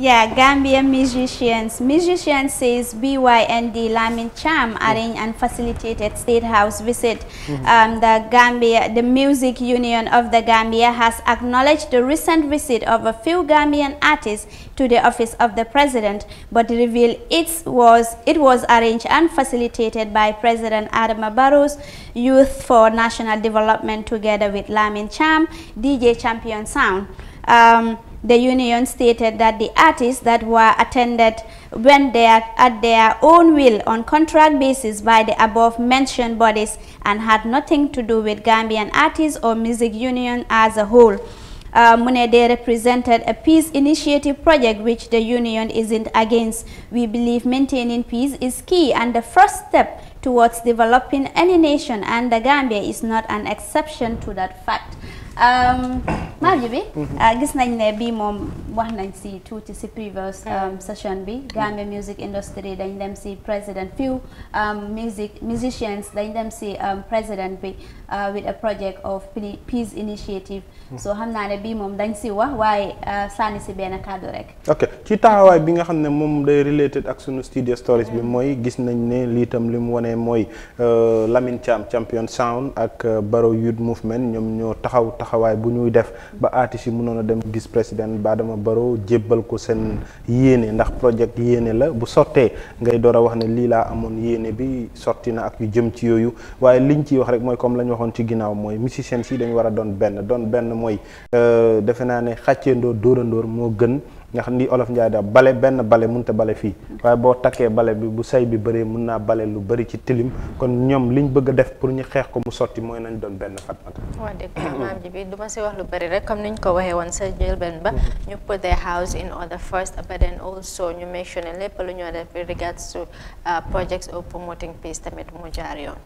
Yeah, Gambian musicians. Musician says BYND Lamin Cham arranged and facilitated State House visit. Mm -hmm. um, the Gambia, the Music Union of the Gambia has acknowledged the recent visit of a few Gambian artists to the office of the president, but revealed it was it was arranged and facilitated by President Adama Barrow's Youth for National Development together with Lamin Cham, DJ Champion Sound. Um, the union stated that the artists that were attended went there at their own will on contract basis by the above mentioned bodies and had nothing to do with Gambian artists or music union as a whole. Uh, Munede represented a peace initiative project which the union isn't against. We believe maintaining peace is key and the first step towards developing any nation and the Gambia is not an exception to that fact. Um, Maam Jibi mhm. ah, gis nañ ne bii moom wax nañ si tuuti si previous um, session bi mm-hmm. Gambia music industry dañ dem si president few um, music musicians dañ dem si um, president bi uh, with a project of peace initiative mm-hmm. so xam naa ne bii moom dañ si wax waaye uh, sànni si benn kàddu rek ok ci taxawaay bi nga xam ne moom day related ak sunu studio stories bi mm-hmm. mooy gis nañ ne liitam li mu wane mooy uh, Lamin Cham champion sound ak Barrow Youth Movement ñoom ñoo taxaw taxawaay bu ñuy def ba artistes yi mënoon a dem gis président Adama Barrow jébbal ko seen yéene ndax projet yéene la bu sottee ngay door a wax ne lii laa amoon yéene bi sotti na ak yu jëm ci yooyu waaye liñ ciy wax rek mooy comme la ñu waxoon ci ginnaaw mooy musiciens yi dañu war a doon benn doon benn mooy euh, defe naa ne xàcceendoo dóorandoor moo gën nga xam ni olof Njaay da bale benn bale mënut a bale fii waaye boo takkee bale bi bu say bi bëree mun naa bale lu bari ci tilim kon ñoom liñ bëgg a def pour ñu xeex ko mu sotti mooy nañ doon benn Fatmata waaw dégg maam ji bi du ma wax lu bëri rek ni ñu ko waxee woon sa benn ba ñu mm-hmm. put their house in order first but then also ñu mentionné lépp lu ñoo def regards to uh, projects of promoting peace tamit mu jaar yoon